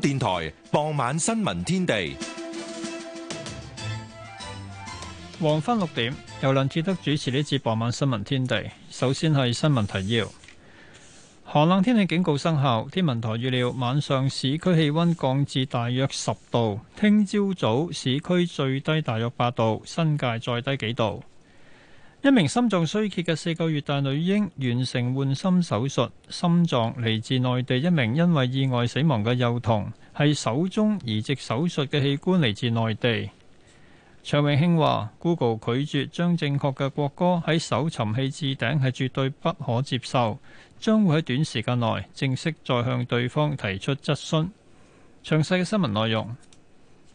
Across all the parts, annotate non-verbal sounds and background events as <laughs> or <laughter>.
電台傍晚新聞天地，黃昏六點由梁志德主持呢節傍晚新聞天地。首先係新聞提要，寒冷天氣警告生效，天文台預料晚上市區氣溫降至大約十度，聽朝早，早市區最低大約八度，新界再低幾度。一名心臟衰竭嘅四個月大女嬰完成換心手術，心臟嚟自內地一名因為意外死亡嘅幼童，係首宗移植手術嘅器官嚟自內地。卓永興話：Google 拒絕將正確嘅國歌喺搜尋器置頂係絕對不可接受，將會喺短時間內正式再向對方提出質詢。詳細嘅新聞內容。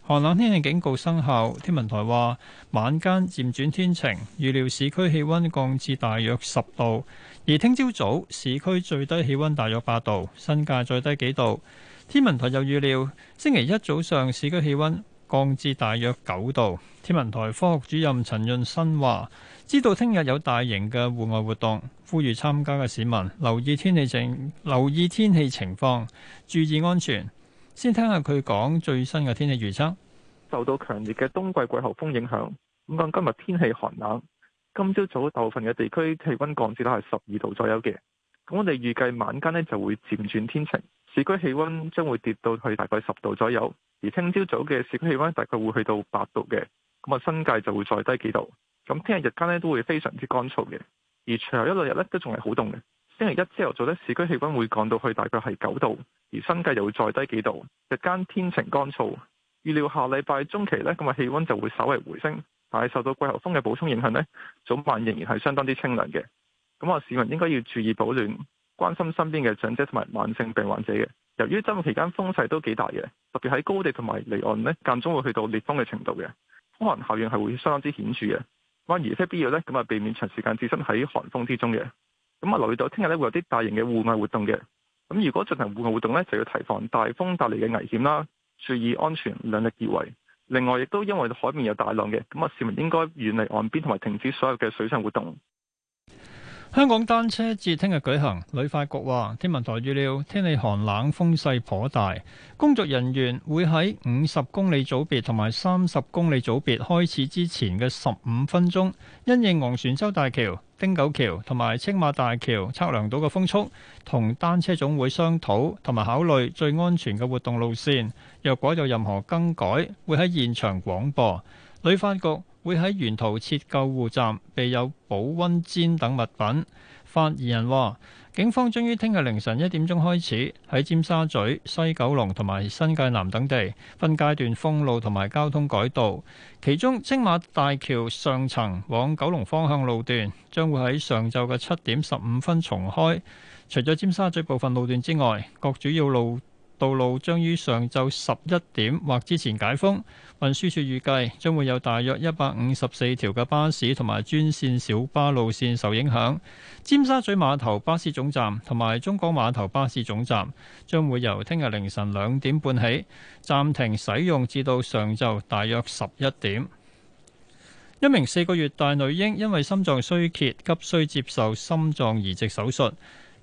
寒冷天氣警告生效，天文台話晚間漸轉天晴，預料市區氣温降至大約十度，而聽朝早，早市區最低氣温大約八度，新界再低幾度。天文台又預料星期一早上市區氣温降至大約九度。天文台科學主任陳潤新話：知道聽日有大型嘅戶外活動，呼籲參加嘅市民留意天氣情留意天氣情況，注意安全。先聽下佢講最新嘅天氣預測。受到強烈嘅冬季季候風影響，咁講今日天氣寒冷。今朝早部分嘅地區氣溫降至到係十二度左右嘅。咁我哋預計晚間呢就會漸轉天晴，市區氣溫將會跌到去大概十度左右。而聽朝早嘅市區氣溫大概會去到八度嘅。咁啊新界就會再低幾度。咁聽日日間呢都會非常之乾燥嘅。而隨後一兩日呢都仲係好凍嘅。星期一朝早咧，市區氣温會降到去大概係九度，而新界又會再低幾度。日間天晴乾燥，預料下禮拜中期咧，咁啊氣温就會稍為回升，但係受到季候風嘅補充影響咧，早晚仍然係相當之清涼嘅。咁啊，市民應該要注意保暖，關心身邊嘅長者同埋慢性病患者嘅。由於周末期間風勢都幾大嘅，特別喺高地同埋離岸咧，間中會去到烈風嘅程度嘅，風寒效應係會相當之顯著嘅。咁而非必要咧，咁啊避免長時間置身喺寒風之中嘅。咁啊，留意到聽日咧會有啲大型嘅戶外活動嘅，咁如果進行戶外活動咧，就要提防大風帶嚟嘅危險啦，注意安全，量力而為。另外，亦都因為海面有大浪嘅，咁啊，市民應該遠離岸邊同埋停止所有嘅水上活動。香港單車節聽日舉行，旅發局話天文台預料天氣寒冷，風勢頗大。工作人員會喺五十公里組別同埋三十公里組別開始之前嘅十五分鐘，因應昂船洲大橋、汀九橋同埋青馬大橋測量到嘅風速同單車總會商討同埋考慮最安全嘅活動路線。若果有任何更改，會喺現場廣播。旅發局會喺沿途設救護站，備有保溫氈等物品。發言人話，警方將於聽日凌晨一點鐘開始喺尖沙咀、西九龍同埋新界南等地分階段封路同埋交通改道，其中青馬大橋上層往九龍方向路段將會喺上晝嘅七點十五分重開。除咗尖沙咀部分路段之外，各主要路道路將於上晝十一點或之前解封。運輸署預計將會有大約一百五十四條嘅巴士同埋專線小巴路線受影響。尖沙咀碼頭巴士總站同埋中港碼頭巴士總站將會由聽日凌晨兩點半起暫停使用，至到上晝大約十一點。一名四個月大女嬰因為心臟衰竭，急需接受心臟移植手術。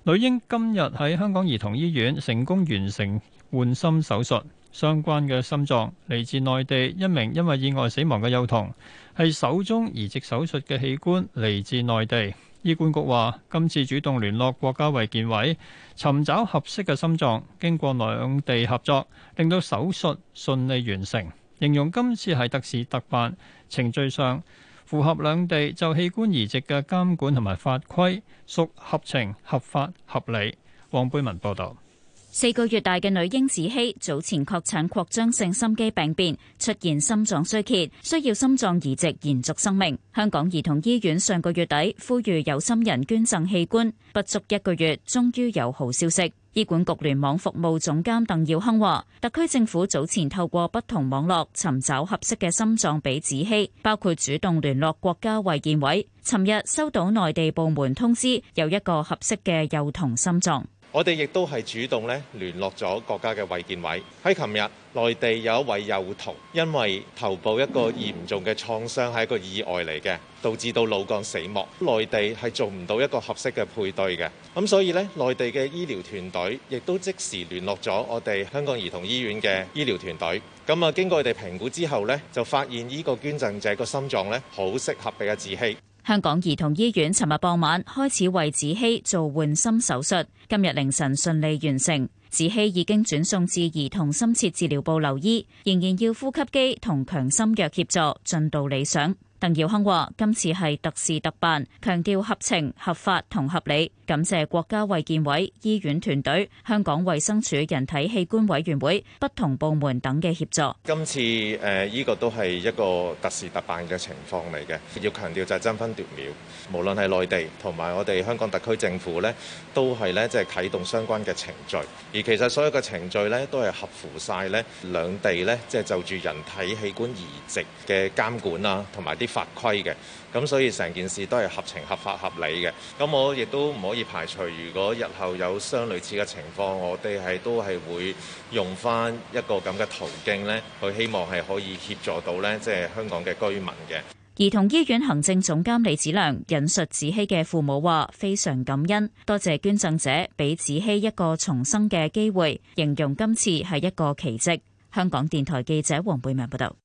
女嬰今日喺香港兒童醫院成功完成換心手術，相關嘅心臟嚟自內地一名因為意外死亡嘅幼童，係手中移植手術嘅器官嚟自內地。醫管局話，今次主動聯絡國家衞健委，尋找合適嘅心臟，經過兩地合作，令到手術順利完成，形容今次係特事特辦，程序上。符合兩地就器官移植嘅監管同埋法規，屬合情合法合理。黃貝文報導，四個月大嘅女嬰子希早前確診擴張性心肌病變，出現心臟衰竭，需要心臟移植延續生命。香港兒童醫院上個月底呼籲有心人捐贈器官，不足一個月，終於有好消息。醫管局聯網服務總監鄧耀鏗話，特區政府早前透過不同網絡尋找合適嘅心臟俾子希，包括主動聯絡國家衛健委。尋日收到內地部門通知，有一個合適嘅幼童心臟。我哋亦都係主動咧聯絡咗國家嘅衞健委。喺琴日，內地有一位幼童因為頭部一個嚴重嘅創傷係一個意外嚟嘅，導致到腦幹死亡。內地係做唔到一個合適嘅配對嘅，咁所以呢，內地嘅醫療團隊亦都即時聯絡咗我哋香港兒童醫院嘅醫療團隊。咁啊，經過佢哋評估之後呢，就發現呢個捐贈者個心臟呢，好適合俾阿子希。香港兒童醫院尋日傍晚開始為子希做換心手術，今日凌晨順利完成。子希已經轉送至兒童深切治療部留醫，仍然要呼吸機同強心藥協助，進度理想。鄧耀亨話：今次係特事特辦，強調合情、合法同合理。感謝國家衛健委、醫院團隊、香港衛生署、人體器官委員會、不同部門等嘅協助。今次誒，依、呃這個都係一個特事特辦嘅情況嚟嘅。要強調就係爭分奪秒，無論係內地同埋我哋香港特區政府呢都係咧即係啟動相關嘅程序。而其實所有嘅程序呢都係合乎晒咧兩地咧，即係就住、是、人體器官移植嘅監管啊，同埋啲。法規嘅，咁所以成件事都係合情、合法、合理嘅。咁我亦都唔可以排除，如果日後有相類似嘅情況，我哋係都係會用翻一個咁嘅途徑呢佢希望係可以協助到呢，即係香港嘅居民嘅。兒童醫院行政總監李子良引述子希嘅父母話：非常感恩，多謝捐贈者俾子希一個重生嘅機會，形容今次係一個奇蹟。香港電台記者黃貝文報道。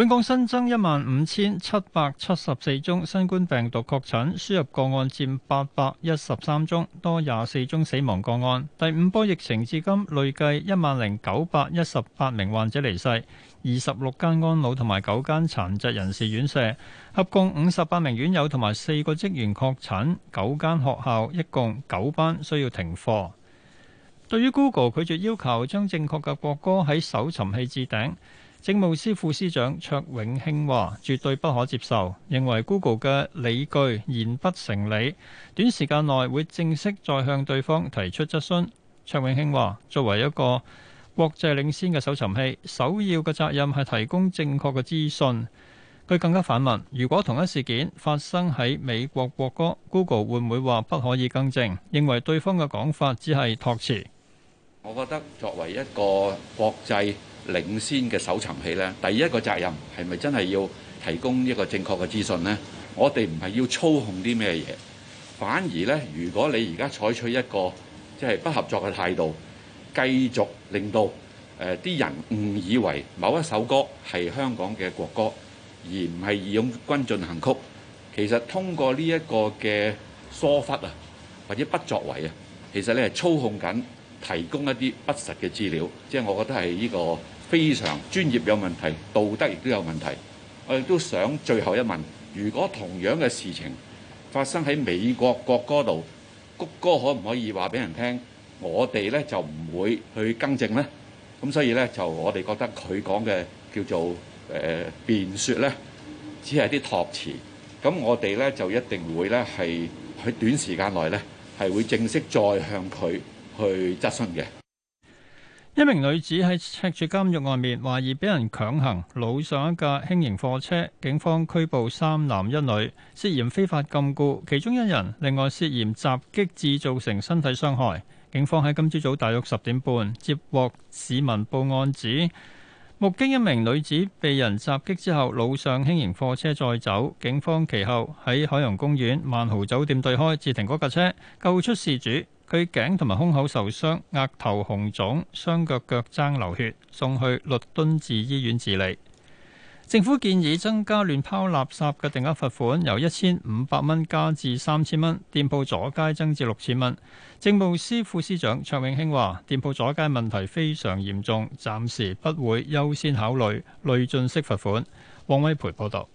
本港新增一萬五千七百七十四宗新冠病毒確診，輸入個案佔八百一十三宗，多廿四宗死亡個案。第五波疫情至今累計一萬零九百一十八名患者離世，二十六間安老同埋九間殘疾人士院舍，合共五十八名院友同埋四個職員確診。九間學校一共九班需要停課。對於 Google 拒絕要求將正確嘅國歌喺搜尋器置頂。政務司副司長卓永興話：絕對不可接受，認為 Google 嘅理據言不成理，短時間內會正式再向對方提出質詢。卓永興話：作為一個國際領先嘅搜尋器，首要嘅責任係提供正確嘅資訊。佢更加反問：如果同一事件發生喺美國國歌，Google 會唔會話不可以更正？認為對方嘅講法只係託詞。我覺得作為一個國際領先嘅搜尋器呢，第一個責任係咪真係要提供一個正確嘅資訊呢？我哋唔係要操控啲咩嘢，反而呢，如果你而家採取一個即係、就是、不合作嘅態度，繼續令到誒啲、呃、人誤以為某一首歌係香港嘅國歌，而唔係義勇軍進行曲，其實通過呢一個嘅疏忽啊，或者不作為啊，其實你係操控緊提供一啲不實嘅資料，即係我覺得係呢、這個。非常專業有問題，道德亦都有問題。我哋都想最後一問：如果同樣嘅事情發生喺美國國歌度，谷歌可唔可以話俾人聽？我哋呢就唔會去更正呢。咁所以呢就我哋覺得佢講嘅叫做誒辯説呢，只係啲託詞。咁我哋呢就一定會呢係喺短時間內呢係會正式再向佢去質詢嘅。一名女子喺赤柱監獄外面，懷疑俾人強行擄上一架輕型貨車，警方拘捕三男一女，涉嫌非法禁錮，其中一人另外涉嫌襲擊，致造成身體傷害。警方喺今朝早大約十點半接獲市民報案，指目擊一名女子被人襲擊之後，擄上輕型貨車再走，警方其後喺海洋公園萬豪酒店對開截停嗰架車，救出事主。佢頸同埋胸口受傷，額頭紅腫，雙腳腳踭流血，送去律敦治醫院治理。政府建議增加亂拋垃圾嘅定額罰款，由一千五百蚊加至三千蚊，店鋪阻街增至六千蚊。政務司副司長卓永興話：店鋪阻街問題非常嚴重，暫時不會優先考慮累進式罰款。王威培報導。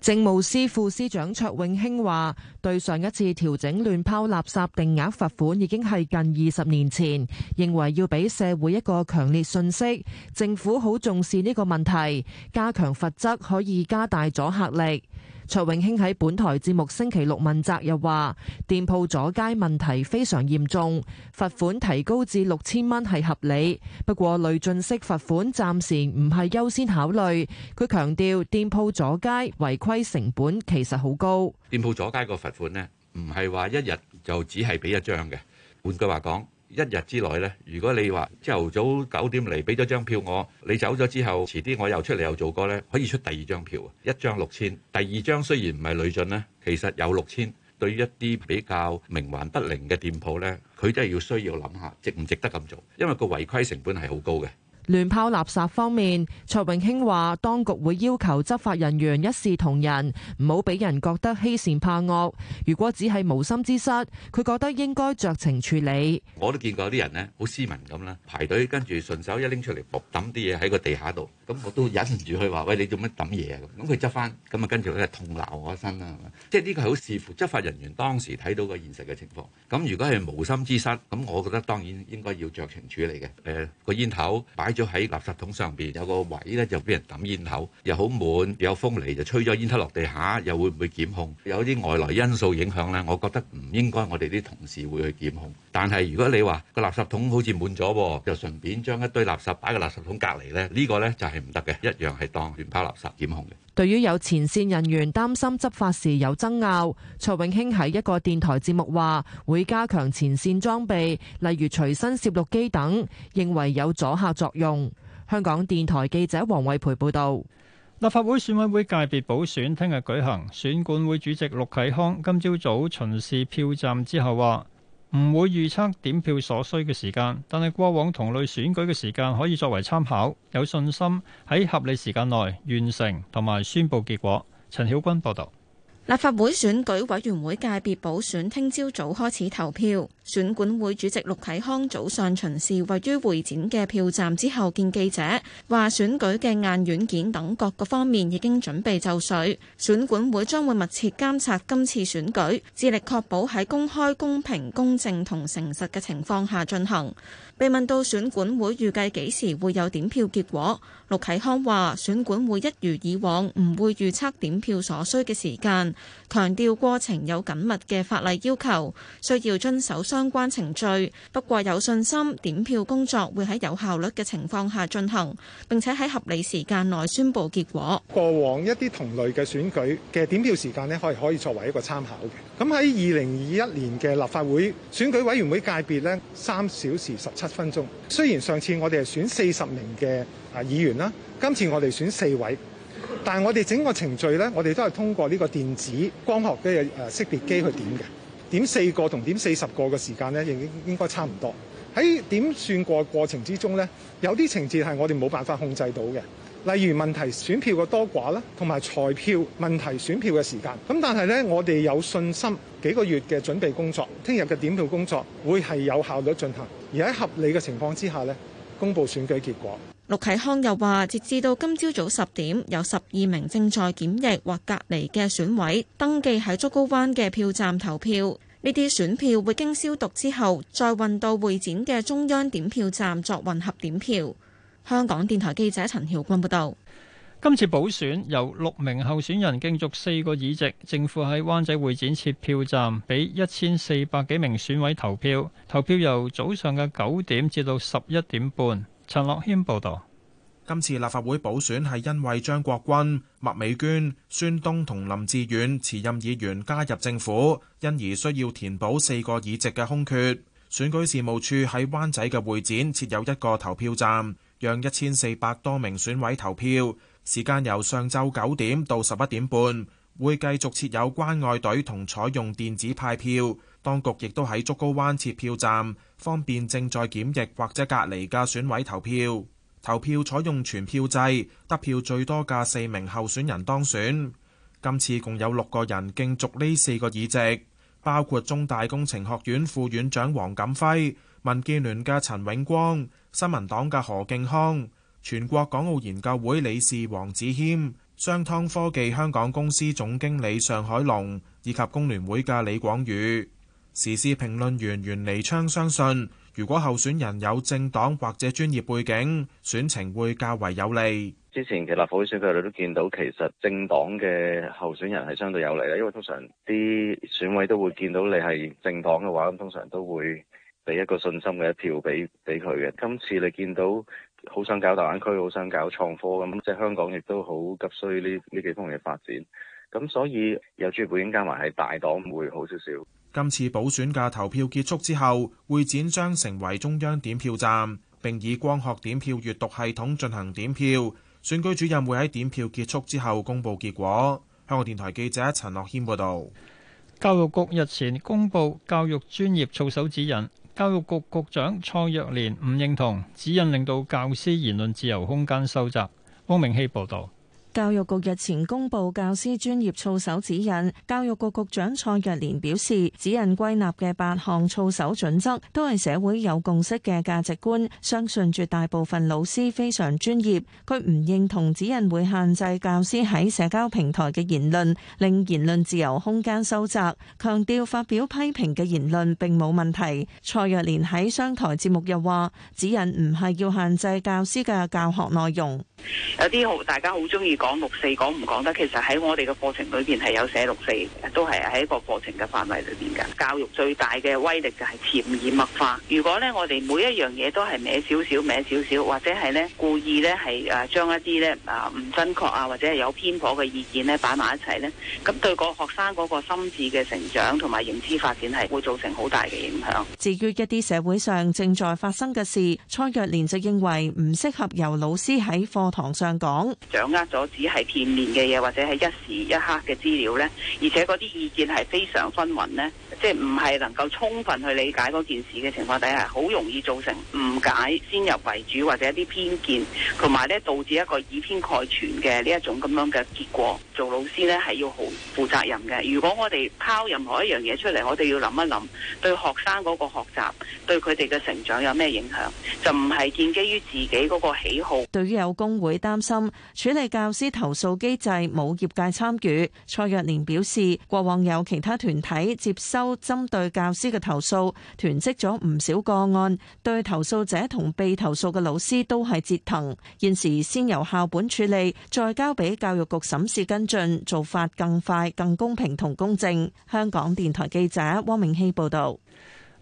政務司副司長卓永興話，對上一次調整亂拋垃圾定額罰款已經係近二十年前，認為要俾社會一個強烈信息，政府好重視呢個問題，加強罰則可以加大阻嚇力。卓永興喺本台節目星期六問責又話，店鋪阻街問題非常嚴重，罰款提高至六千蚊係合理。不過累進式罰款暫時唔係優先考慮。佢強調，店鋪阻街違規成本其實好高。店鋪阻街個罰款呢，唔係話一日就只係俾一張嘅。換句話講，一日之內呢，如果你話朝頭早九點嚟俾咗張票我，你走咗之後，遲啲我又出嚟又做過呢，可以出第二張票，一張六千，第二張雖然唔係累進呢，其實有六千。對於一啲比較冥頑不靈嘅店鋪呢，佢都係要需要諗下，值唔值得咁做，因為個違規成本係好高嘅。亂拋垃圾方面，卓永興話：當局會要求執法人員一視同仁，唔好俾人覺得欺善怕惡。如果只係無心之失，佢覺得應該酌情處理。我都見過啲人呢，好斯文咁啦，排隊跟住順手一拎出嚟，抌啲嘢喺個地下度，咁我都忍唔住去話：喂，你做咩抌嘢啊？咁佢執翻，咁啊跟住佢痛鬧我一身啦。即係呢個係好視乎執法人員當時睇到個現實嘅情況。咁如果係無心之失，咁我覺得當然應該要酌情處理嘅。誒、那，個煙頭擺咗喺垃圾桶上邊有個位咧，就俾人抌煙頭又好滿有風嚟就吹咗煙頭落地下，又會唔會檢控？有啲外來因素影響咧，我覺得唔應該我哋啲同事會去檢控。但係如果你話個垃圾桶好似滿咗喎，就順便將一堆垃圾擺個垃圾桶隔離咧，呢個咧就係唔得嘅，一樣係當亂拋垃圾檢控嘅。對於有前線人員擔心執法時有爭拗，徐永興喺一個電台節目話會加強前線裝備，例如隨身攝錄機等，認為有阻嚇作用。香港電台記者王慧培報道，立法會選委會界別補選聽日舉行，選管會主席陸啟康今朝早巡視票站之後話，唔會預測點票所需嘅時間，但係過往同類選舉嘅時間可以作為參考，有信心喺合理時間內完成同埋宣佈結果。陳曉君報道，立法會選舉委員會界別補選聽朝早開始投票。選管會主席陸啟康早上巡視位於會展嘅票站之後見記者，話選舉嘅硬軟件等各個方面已經準備就緒。選管會將會密切監察今次選舉，致力確保喺公開、公平、公正同誠實嘅情況下進行。被問到選管會預計幾時會有點票結果，陸啟康話選管會一如以往唔會預測點票所需嘅時間，強調過程有緊密嘅法例要求，需要遵守相關程序，不過有信心點票工作會喺有效率嘅情況下進行，並且喺合理時間內宣布結果。過往一啲同類嘅選舉嘅點票時間咧，可以作為一個參考嘅。咁喺二零二一年嘅立法會選舉委員會界別咧，三小時十七分鐘。雖然上次我哋係選四十名嘅啊議員啦，今次我哋選四位，但係我哋整個程序咧，我哋都係通過呢個電子光學機嘅識別機去點嘅。點四個同點四十個嘅時間咧，應應該差唔多。喺點算過過程之中咧，有啲情節係我哋冇辦法控制到嘅，例如問題選票嘅多寡啦，同埋裁票問題選票嘅時間。咁但係咧，我哋有信心幾個月嘅準備工作，聽日嘅點票工作會係有效率進行，而喺合理嘅情況之下咧，公布選舉結果。陸啟康又話，截至到今朝早十點，有十二名正在檢疫或隔離嘅選委登記喺竹篙灣嘅票站投票。呢啲選票會經消毒之後，再運到會展嘅中央點票站作混合點票。香港電台記者陳曉君報道，今次補選由六名候選人競逐四個議席，政府喺灣仔會展設票站，俾一千四百幾名選委投票。投票由早上嘅九點至到十一點半。陳樂謙報道：今次立法會補選係因為張國軍、麥美娟、孫東同林志遠辭任議員加入政府，因而需要填補四個議席嘅空缺。選舉事務處喺灣仔嘅會展設有一個投票站，讓一千四百多名選委投票，時間由上晝九點到十一點半。會繼續設有關愛隊同採用電子派票。當局亦都喺竹篙灣設票站，方便正在檢疫或者隔離嘅選委投票。投票採用全票制，得票最多嘅四名候選人當選。今次共有六個人競逐呢四個議席，包括中大工程學院副院長黃錦輝、民建聯嘅陳永光、新民黨嘅何敬康、全國港澳研究會理事王子謙、商湯科技香港公司總經理尚海龍以及工聯會嘅李廣宇。時事評論員袁彌昌相信，如果候選人有政黨或者專業背景，選情會較為有利。之前嘅立法會選舉你都見到，其實政黨嘅候選人係相對有利啦，因為通常啲選委都會見到你係政黨嘅話，咁通常都會俾一個信心嘅一票俾俾佢嘅。今次你見到好想搞大灣區，好想搞創科咁，即係香港亦都好急需呢呢幾方面嘅發展。咁所以有住保應加埋係大黨會好少少。今次補選嘅投票結束之後，會展將成為中央點票站，並以光學點票閱讀系統進行點票。選舉主任會喺點票結束之後公布結果。香港電台記者陳樂謙報道。教育局日前公布教育專業操守指引，教育局局長蔡若蓮唔認同指引令到教師言論自由空間收窄。汪明希報道。教育局日前公布教師專業操守指引，教育局局長蔡若蓮表示，指引歸納嘅八項操守準則都係社會有共識嘅價值觀，相信絕大部分老師非常專業。佢唔認同指引會限制教師喺社交平台嘅言論，令言論自由空間收窄，強調發表批評嘅言論並冇問題。蔡若蓮喺商台節目又話，指引唔係要限制教師嘅教學內容。有啲好大家好中意講。講六四講唔講得？其實喺我哋嘅課程裏邊係有寫六四，都係喺一個課程嘅範圍裏邊嘅。教育最大嘅威力就係潛移默化。如果呢，我哋每一樣嘢都係歪少少、歪少少，或者係呢故意呢係誒將一啲呢啊唔準確啊或者係有偏頗嘅意見呢擺埋一齊呢，咁對個學生嗰個心智嘅成長同埋認知發展係會造成好大嘅影響。至於一啲社會上正在發生嘅事，蔡若蓮就認為唔適合由老師喺課堂上講，掌握咗。只係片面嘅嘢，或者係一時一刻嘅資料咧，而且嗰啲意見係非常紛紜咧，即係唔係能夠充分去理解嗰件事嘅情況底下，好容易造成誤解、先入為主或者一啲偏見同埋咧，導致一個以偏概全嘅呢一種咁樣嘅結果。做老師咧係要好負責任嘅。如果我哋拋任何一樣嘢出嚟，我哋要諗一諗對學生嗰個學習，對佢哋嘅成長有咩影響，就唔係建基於自己嗰個喜好。對於有工會擔心處理教司投訴機制冇業界參與，蔡若蓮表示，過往有其他團體接收針對教師嘅投訴，囤積咗唔少個案，對投訴者同被投訴嘅老師都係折騰。現時先由校本處理，再交俾教育局審視跟進，做法更快、更公平同公正。香港電台記者汪明熙報導，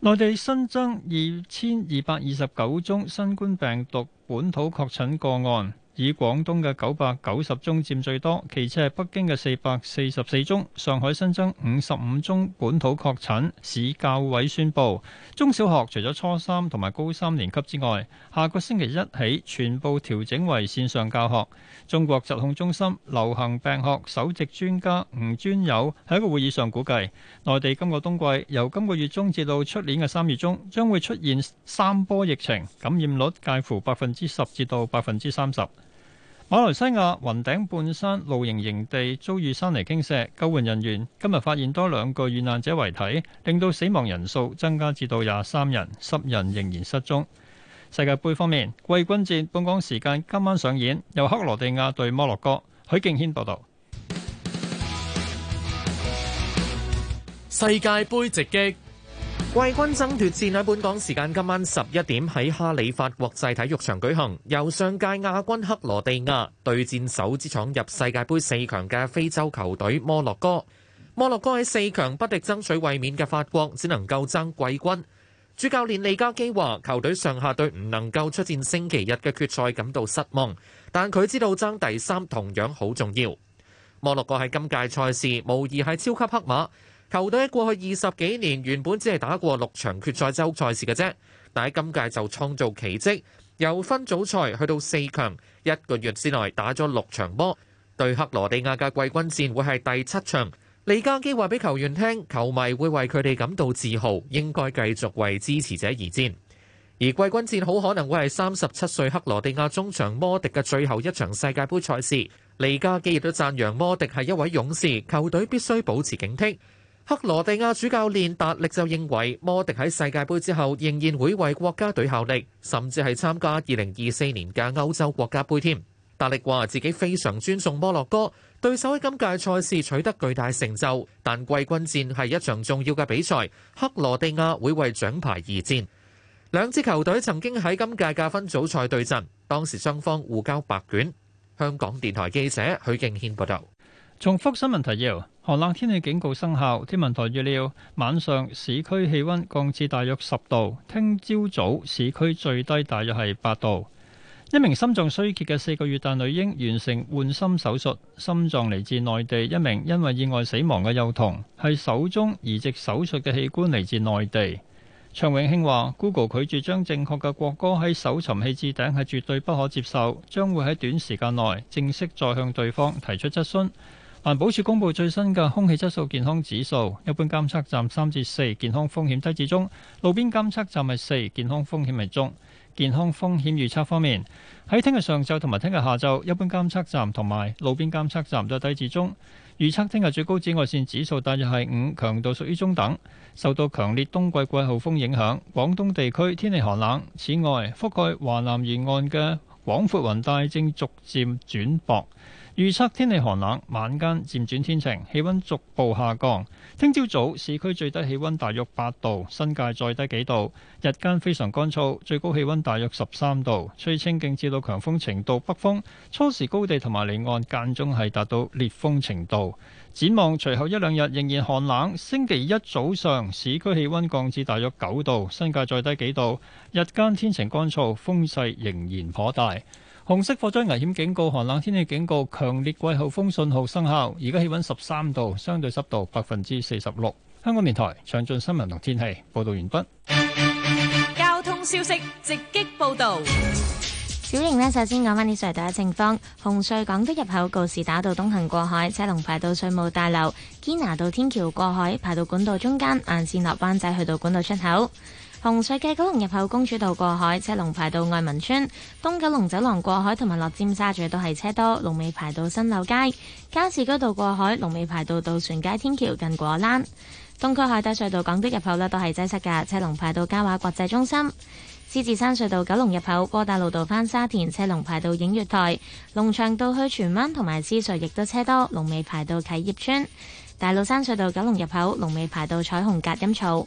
內地新增二千二百二十九宗新冠病毒本土確診個案。以廣東嘅九百九十宗佔最多，其次係北京嘅四百四十四宗，上海新增五十五宗本土確診。市教委宣布，中小學除咗初三同埋高三年級之外，下個星期一起全部調整為線上教學。中國疾控中心流行病學首席專家吳尊友喺一個會議上估計，內地今個冬季由今個月中至到出年嘅三月中，將會出現三波疫情，感染率介乎百分之十至到百分之三十。馬來西亞雲頂半山露營營地遭遇山泥傾瀉，救援人員今日發現多兩個遇難者遺體，令到死亡人數增加至到廿三人，十人仍然失蹤。世界杯方面，季軍戰本港時間今晚上演，由克羅地亞對摩洛哥。許敬軒報道。世界杯直擊。季軍爭奪戰喺本港時間今晚十一點喺哈里發國際體育場舉行，由上屆亞軍克羅地亞對戰首支闖入世界杯四強嘅非洲球隊摩洛哥。摩洛哥喺四強不敵爭取衛冕嘅法國，只能夠爭季軍。主教練利加基話：球隊上下對唔能夠出戰星期日嘅決賽感到失望，但佢知道爭第三同樣好重要。摩洛哥喺今屆賽事無疑係超級黑馬。球隊喺過去二十幾年原本只係打過六場決賽周賽事嘅啫，但喺今屆就創造奇蹟，由分組賽去到四強，一個月之內打咗六場波。對克羅地亞嘅季軍戰會係第七場。李嘉基話俾球員聽，球迷會為佢哋感到自豪，應該繼續為支持者而戰。而季軍戰好可能會係三十七歲克羅地亞中場摩迪嘅最後一場世界盃賽事。李嘉基亦都讚揚摩迪係一位勇士，球隊必須保持警惕。克羅地亞主教練達力就認為，摩迪喺世界杯之後，仍然會為國家隊效力，甚至係參加2024年嘅歐洲國家杯添。達力話自己非常尊重摩洛哥，對手喺今屆賽事取得巨大成就，但季軍戰係一場重要嘅比賽，克羅地亞會為獎牌而戰。兩支球隊曾經喺今屆嘅分組賽對陣，當時雙方互交白卷。香港電台記者許敬軒報道。重複新聞提要：寒冷天氣警告生效。天文台預料晚上市區氣溫降至大約十度，聽朝早市區最低大約係八度。一名心臟衰竭嘅四個月大女嬰完成換心手術，心臟嚟自內地，一名因為意外死亡嘅幼童，係首宗移植手術嘅器官嚟自內地。卓永興話：Google 拒絕將正確嘅國歌喺搜尋器置頂係絕對不可接受，將會喺短時間內正式再向對方提出質詢。環保署公布最新嘅空氣質素健康指數，一般監測站三至四，健康風險低至中；路邊監測站係四，健康風險係中。健康風險預測方面，喺聽日上晝同埋聽日下晝，一般監測站同埋路邊監測站都係低至中。預測聽日最高紫外線指數大約係五，強度屬於中等。受到強烈冬季季候風影響，廣東地區天氣寒冷。此外，覆蓋華南沿岸嘅廣闊雲帶正逐漸轉薄。預測天氣寒冷，晚間漸轉天晴，氣溫逐步下降。聽朝早，早市區最低氣溫大約八度，新界再低幾度。日間非常乾燥，最高氣溫大約十三度，吹清勁至到強風程度北風。初時高地同埋離岸間中係達到烈風程度。展望隨後一兩日仍然寒冷。星期一早上市區氣溫降至大約九度，新界再低幾度。日間天晴乾燥，風勢仍然頗大。紅色火災危險警告、寒冷天氣警告、強烈季候風信號生效。而家氣溫十三度，相對濕度百分之四十六。香港電台詳盡新聞同天氣報道完畢。交通消息直擊報道。小瑩呢，首先講翻啲隧道嘅情況。紅隧港島入口告士打道東行過海，車龍排到稅務大樓、堅拿道天橋過海，排到管道中間，硬綫落灣仔去到管道出口。紅隧嘅九龍入口公主道過海，車龍排到愛民邨；東九龍走廊過海同埋落尖沙咀都係車多，龍尾排到新樓街；加士居道過海，龍尾排到渡船街天橋近果欄；東區海底隧道港島入口呢都係擠塞噶，車龍排到嘉華國際中心；獅子山隧道九龍入口過窩打老道返沙田，車龍排到映月台；龍翔道去荃灣同埋獅隧亦都車多，龍尾排到啟業邨；大老山隧道九龍入口龍尾排到彩虹隔音槽。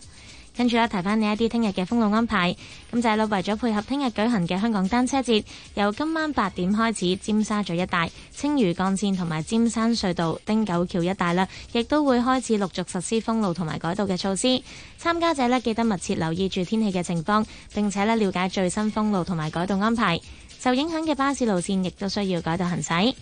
跟住咧，提翻你一啲聽日嘅封路安排。咁就係啦，為咗配合聽日舉行嘅香港單車節，由今晚八點開始，尖沙咀一帶、青嶼幹綫同埋尖山隧道汀九橋一帶啦，亦都會開始陸續實施封路同埋改道嘅措施。參加者咧，記得密切留意住天氣嘅情況，並且咧了解最新封路同埋改道安排。受影響嘅巴士路綫亦都需要改道行駛。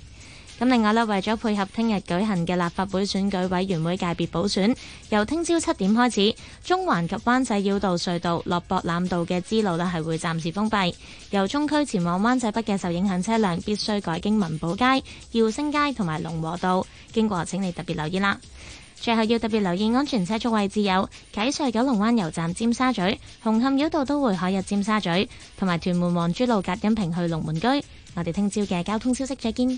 咁另外咧，為咗配合聽日舉行嘅立法會選舉委員會界別補選，由聽朝七點開始，中環及灣仔繞道隧道、落博覽道嘅支路呢係會暫時封閉。由中區前往灣仔北嘅受影響車輛必須改經文寶街、耀星街同埋龍和道。經過，請你特別留意啦。最後要特別留意安全車速位置，有啟瑞九龍灣油站、尖沙咀紅磡繞道都會海入尖沙咀，同埋屯門黃珠路隔音屏去龍門居。我哋聽朝嘅交通消息，再見。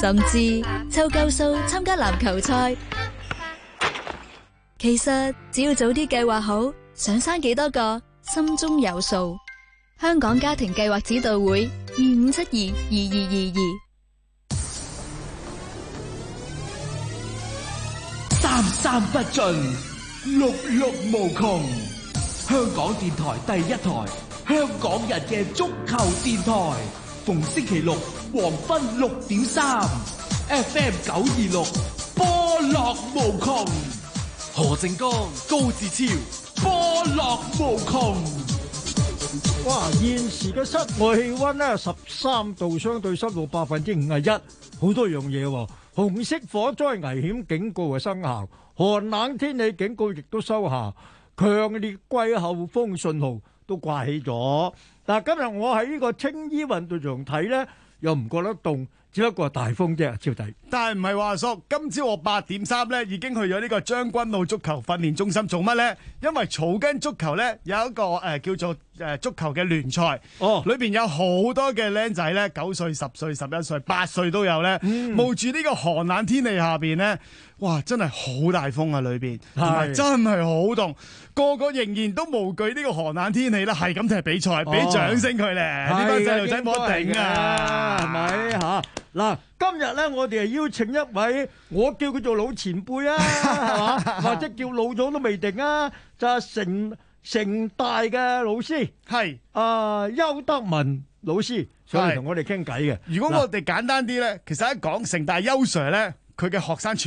甚至湊夠數參加籃球賽，其實只要早啲計劃好，想生幾多個，心中有數。香港家庭計劃指導會二五七二二二二二，三三不盡，六六無窮。香港電台第一台，香港人嘅足球電台。逢星期六黃昏六點三，FM 九二六波樂無窮，何正剛、高志超波樂無窮。哇！現時嘅室外氣溫咧十三度，相對濕度百分之五十一，好多樣嘢。紅色火災危險警告嘅生效，寒冷天氣警告亦都生效，強烈季候風信號都掛起咗。嗱，但今日我喺呢個青衣運動場睇呢，又唔覺得凍，只不過大風啫，超，睇但係唔係話熟？今朝我八點三呢已經去咗呢個將軍澳足球訓練中心做乜呢？因為草根足球呢有一個、呃、叫做。誒足球嘅聯賽，裏邊、哦、有好多嘅僆仔咧，九歲、十歲、十一歲、八歲都有咧，嗯、冒住呢個寒冷天氣下邊咧，哇！真係好大風啊，裏邊同埋真係好凍，個個仍然都無懼呢個寒冷天氣啦，係咁踢比賽，俾掌聲佢咧，呢、哦、班細路仔冇得頂啊，係咪嚇？嗱，今日咧我哋係邀請一位，我叫佢做老前輩啊， <laughs> 或者叫老咗都未定啊，就阿成。成大嘅老師係啊邱德文老師，所以同我哋傾偈嘅。如果我哋簡單啲咧，看其實一講成大邱 Sir 咧，佢嘅學生全。